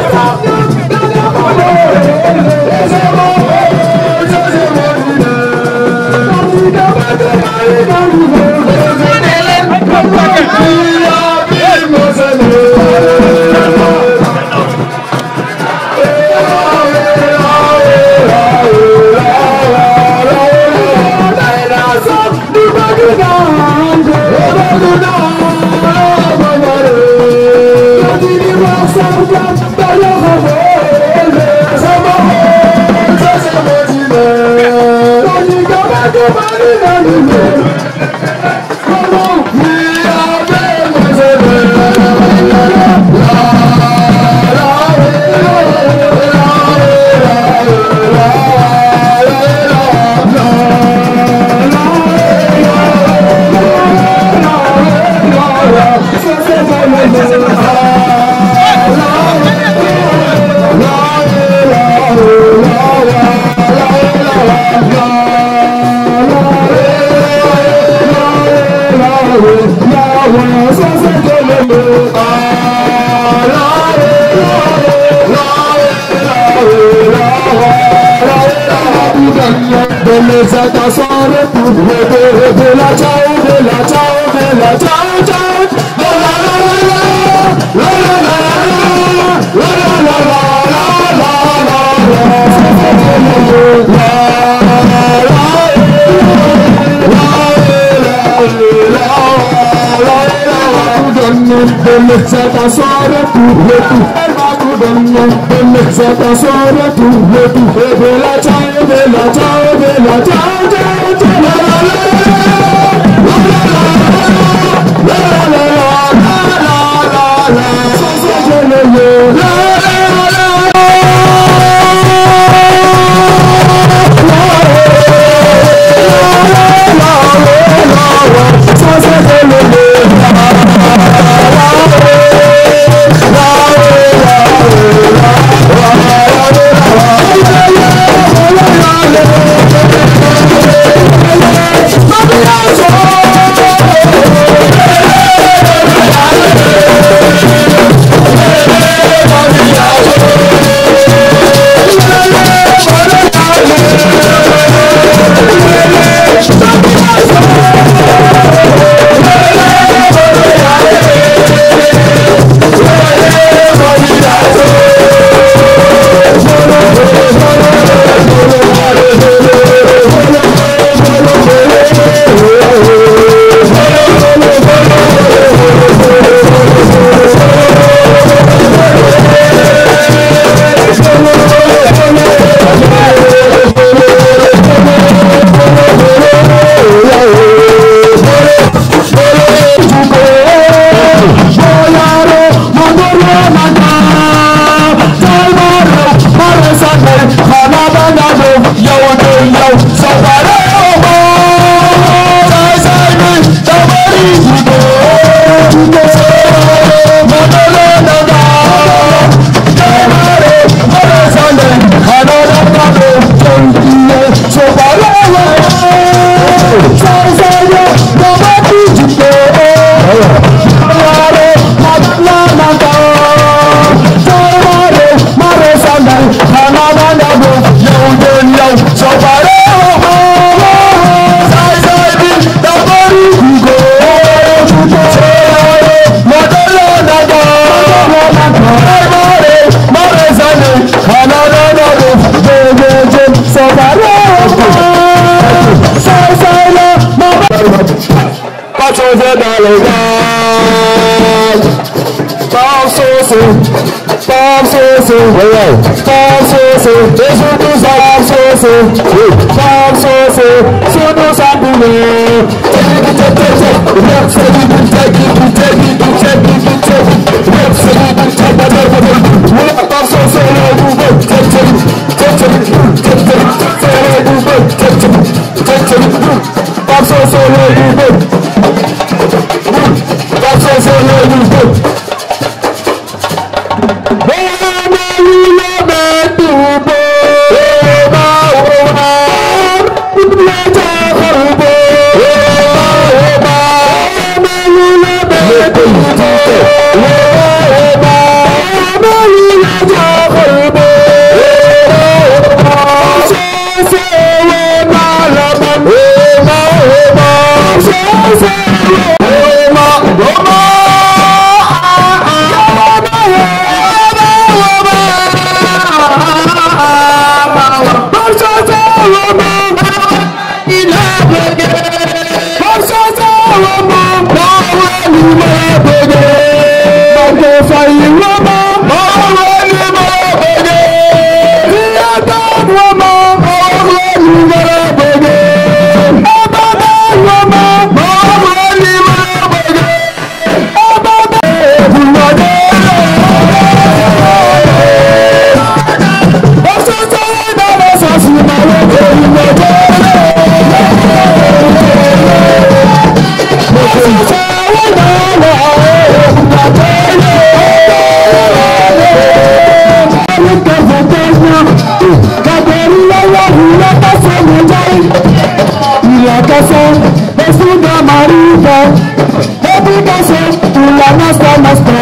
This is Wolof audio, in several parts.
Let's go. zaka soare Rebe rebe la chao be la chao be la chao chao La la la la la la la la la la la la Zeta soare tu hetu, erba tu donne, donne zeta soare tu hetu, bebe la chao, bebe la chao. 我走着。Pop so so so so so so so so so Gracias.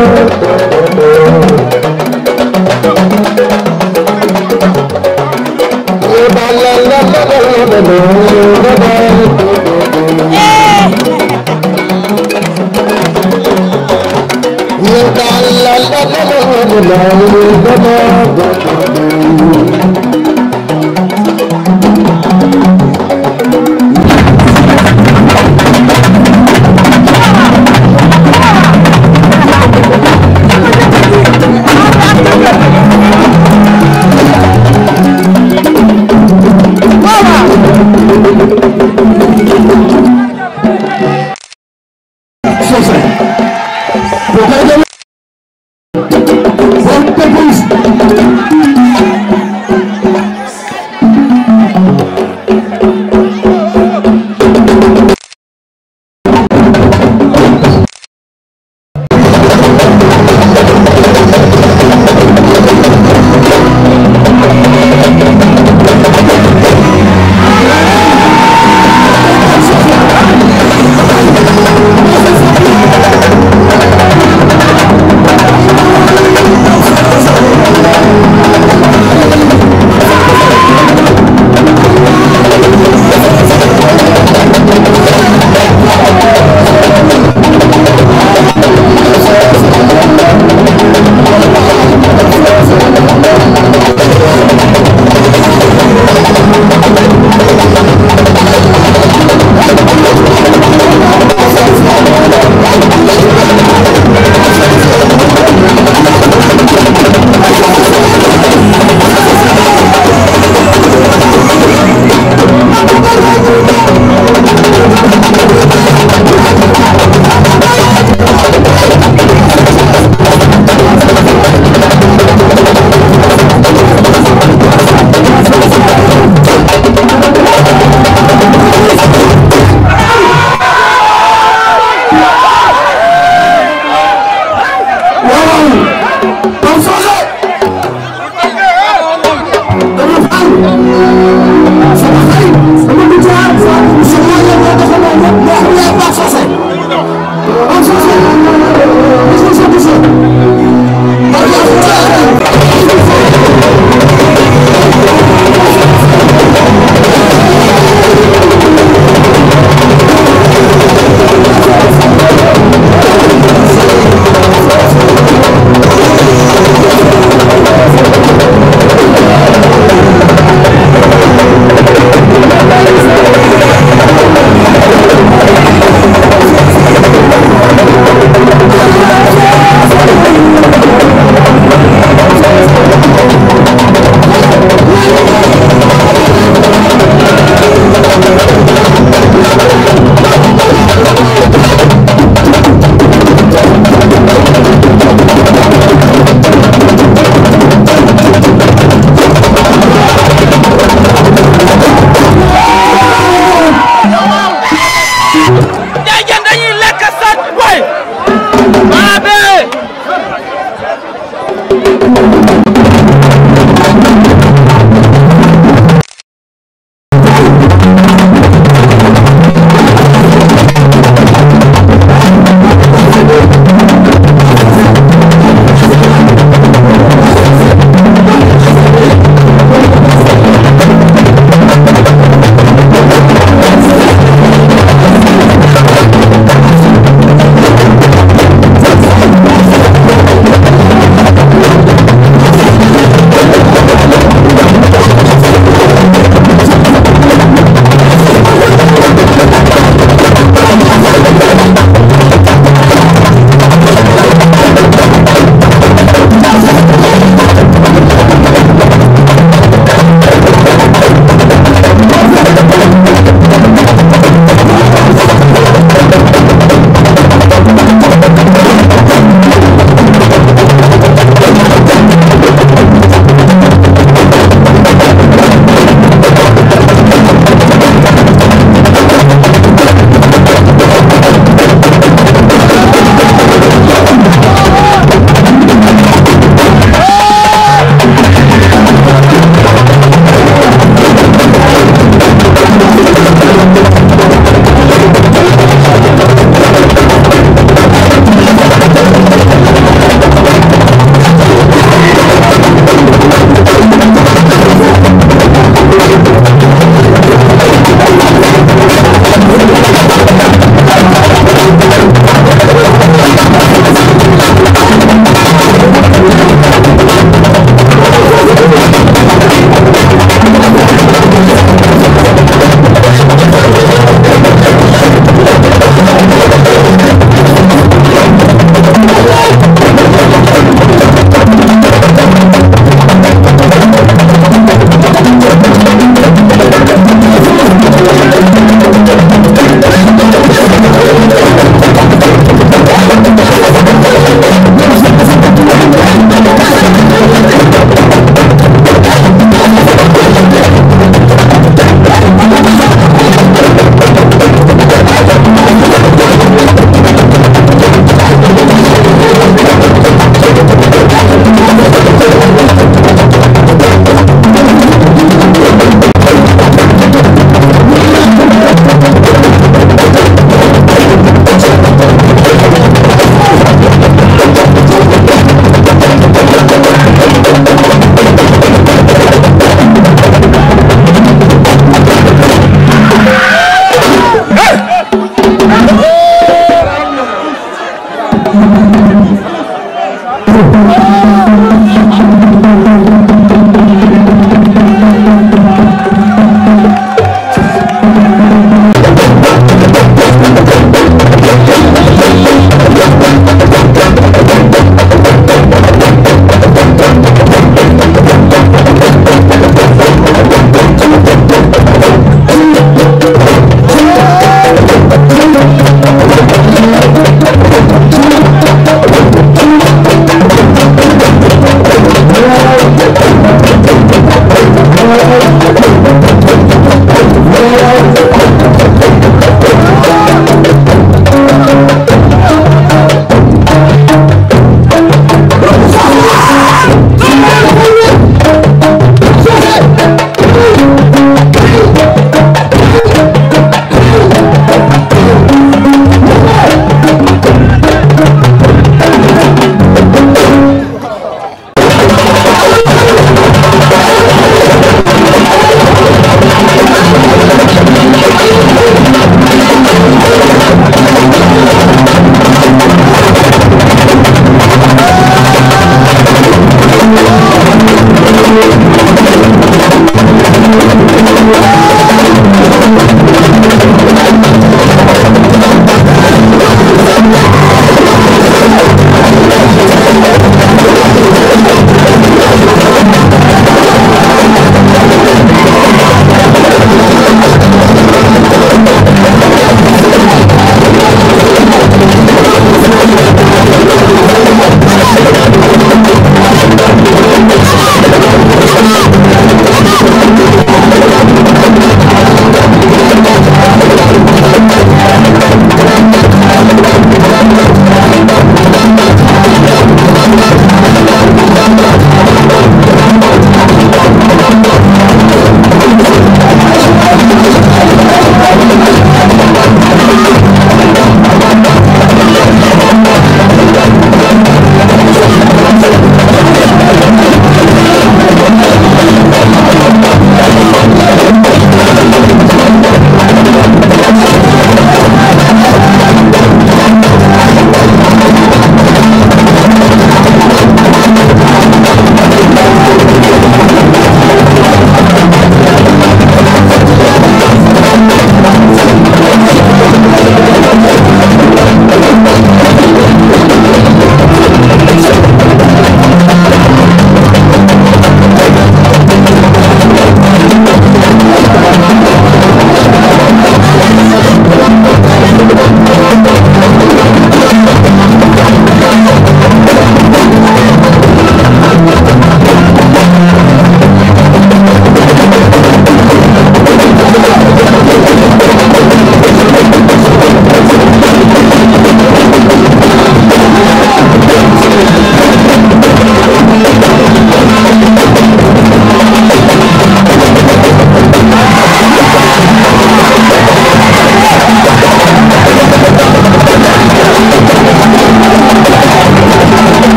Thank you.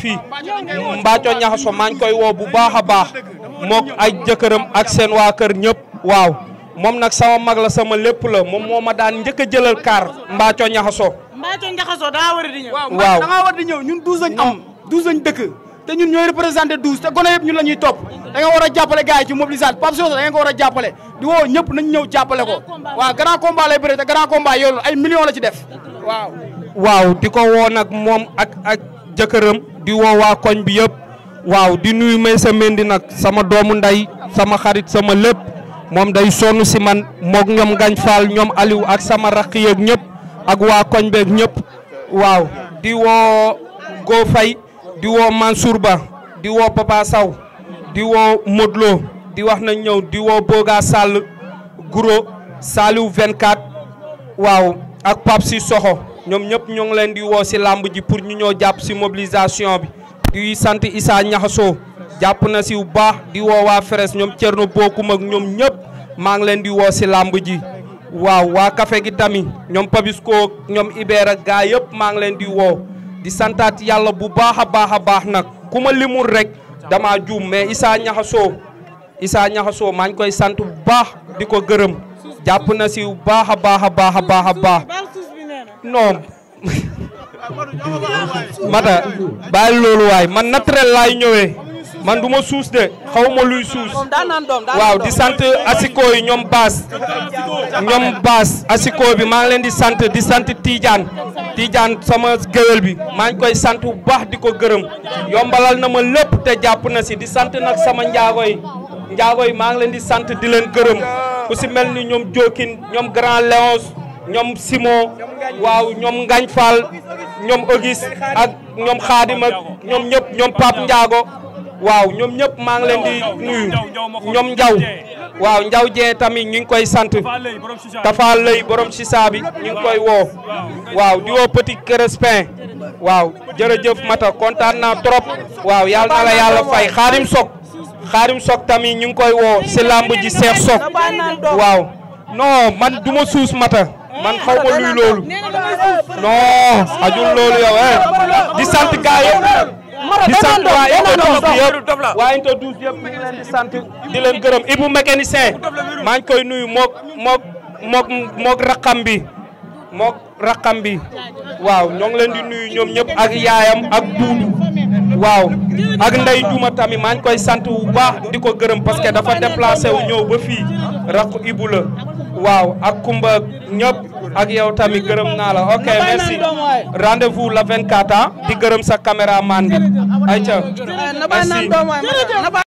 fii Mbathio Niakhasso maa ngi koy woo bu baax a baax mook ay jëkkëram ak seen waa kër ñëpp waaw moom nag sama mag la sama lépp la moom moo ma daan njëkk a jëlal kaar Mbathio Niakhasso Mbathio Niakhasso daa war di da nga war di ñëw ñun 12 lañ am 12 lañ dëkk te ñun ñooy représenté 12 te gone yëpp ñun la ñuy topp da nga war a jàppale gars yi ci mobilisation Pape Sosa da nga ko war a jàppale di woo ñëpp nañ ñëw jàppale ko waaw grand combat lay bëre te grand combat yoolu ay millions la ci def waaw waaw di jëkkëram di woo waa koñ bi yëpp waaw di nuyu Maysa mendi nag sama doomu ndey sama xarit sama lépp moom day sonn si man moog ñoom Gañ Fall ñoom Aliou ak sama rakk yeeg ñëpp ak waa koñ beeg ñëpp waaw di woo Go Faye di woo Mansour Ba di woo Papa Sow di woo Modou di wax na ñëw di woo Boga Sall Guro Saliou 24 waaw ak Pape Si Soxo ñom ñep ñu ngi leen di wo ci lamb ji pour ñu ñoo japp si mobilisation bi di sante Issa Haso japp na ubah bu di wo wa Feres ñom cierno Bokum ak ñom ñep ma ngi leen di wo ci lamb ji waaw wa café gi tammi ñom Pabisco ñom Ibera gayop yep ma ngi leen di wo di santat Yalla bu baaxa baaxa baax nak kuma limul rek dama joom mais Issa Isanya Issa Ñaxasoo maa ngi koy sante bu baax di ko japp na ci bu baaxa baaxa baaxa non mata bàyyi loolu waay man naturel laay ñëwee man du ma suus de xaw ma luy suus waaw di sant asiko yi ñoom baas ñoom baas asiko bi maa ngi leen di sant di sant Tidiane Tidiane sama géwél bi maa ngi koy sant bu baax di ko gërëm yombalal na ma lépp te jàpp na si di sant nag sama njaago yi njaago yi maa ngi leen di sant di leen gërëm ku si mel ni ñoom Jokin ñoom Grand Léonce ñoom Simon waaw ñoom Ngagne Fall ñoom Auguste ak ñoom Khadim ak ñoom ñëpp ñoom Pape Ndiago waaw ñoom ñëpp maa ngi leen di nuyu ñoom Ndiaw waaw Ndiaw Dieng tamit ñu ngi koy sant dafa lëy borom Sisa bi ñu koy woo waaw di woo Petit waaw jërëjëf Mata kontaan naa trop waaw yàlla na la yàlla fay Khadim Sok Khadim Sok tamit ñu ngi koy woo si làmb ji Cheikh Sok waaw non man duma ma suus Mata. man eh, xawma ma luy loolu. non ajul lolou yow di sante gaay yëpp di sant waa Unité 12 yëpp waa Unité 12 yëpp ñu ngi leen di sante di len geureum Ibou mécanicien mañ koy nuyu mok mok mok mok rakam bi mok rakam bi waaw ñong len di nuyu ñom ñep ak yaayam ak duudu waaw ak nday Duma tammi mañ koy sante bu baax diko geureum parce que dafa déplacer wu ñëw ba fi raq Ibou la waaw ak Kumba ñëpp ak yow tamit gërëm na la ok merci rendez-vous le 24 ans ah, di gërëm sa caméraman bi ayca eh, merci